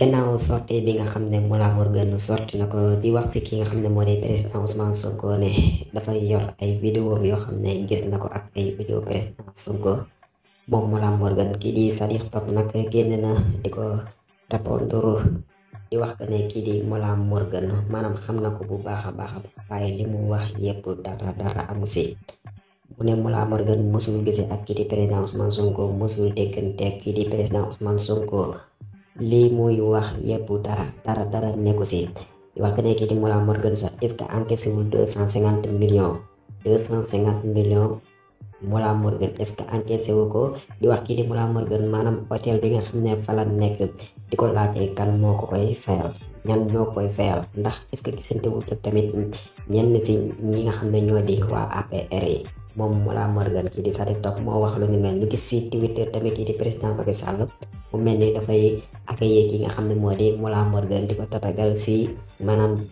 gannaaw sortie bi nga xam ne Mollah Morgun sorti na ko di waxti ki nga xam ne moo di président Ousmane Sonko ne dafa yor ay vidéo yoo xam ne gis na ko ak ay vidéo président Sonko moom war gën kii di Salih Top nag génn na di ko répondre di wax que ne kii di war gën maanaam xam na ko bu baax a baax waaye li mu wax yépp dara dara amu si mu ne Mollah morgan musul gisee ak kii di président Ousmane Sonko musul déggante ak kii di président Ousmane Sonko lii muy wax yépp dara dara dara nekku di wax que ne kii di Mollah Morgun sax est ce que encaissé wul deux millions 250 millions Mollah morgan est ce que encaissé wu ko di wax ki di Mollah Morgun maanaam hôtel bi nga xam fa la di ko kan moko koy fayal ñan ñoo koy fayal ndax est ce que gisante wul tamit ñen ci ñi nga xam ñoo di wa APR yi mula Morgan Morgun kan di Top mo wax lu ngi mel gis si Twitter tamit ki di président Macky Sall mu mel ni ak accueillir ki nga xam ne moo di Mollah Morgan di ko tatagal si maanaam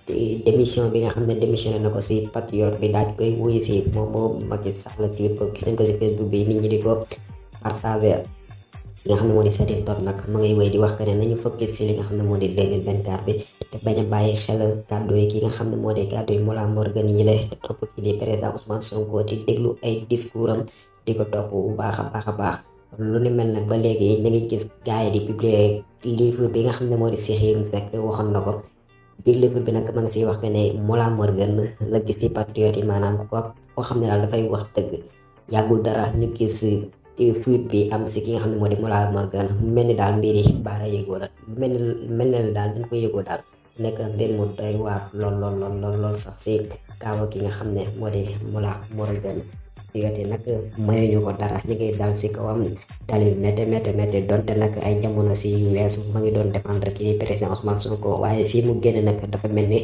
démission bi nga xam ne démissionné na ko si patriot bi daal di koy wuyu si moom moo Macky Sall clip gis nañ ko si Facebook bi nit ñi di ko partager nga xam ne moo di sa TikTok nag ma ngay wéy di wax que ne nañu focus si li nga xam ne moo di 2024 bi te bañ a bàyyi xel kàddu yi ki nga xam ne moo di kàddu yi Mollah Morgan yi lay te topp di président Ousmane Sonko di déglu ay discours am di ko topp bu baax a baax a baax lu ni mel nag ba léegi na ngi gis gars yi di publier livre bi nga xam ne moo di Cheikh Yérim na ko biir livre bi nag ma siy wax ne Mollah Morgun la gis ci patriote yi maanaam ko koo xam ne daal dafay wax dëgg yàggul dara ñu gis fuite bi am si ki nga xam ne moo di Mollah Morgun mel ni daal mbir yi baara yëgoo la mel ni mel na daal dañ ko yëgoo daal nekk mbir mu doy waar lool lool lool sax si kaawa ki nga xam ne moo di Mollah Morgun yoote nag euh, mayuñu ko dara ñu ngi dal si kawam dal yu métti métti métti donte nag ay jamono si weesu ma ngi doon défendre kii président Ousmane Sonko waaye fii mu génn nag dafa mel ni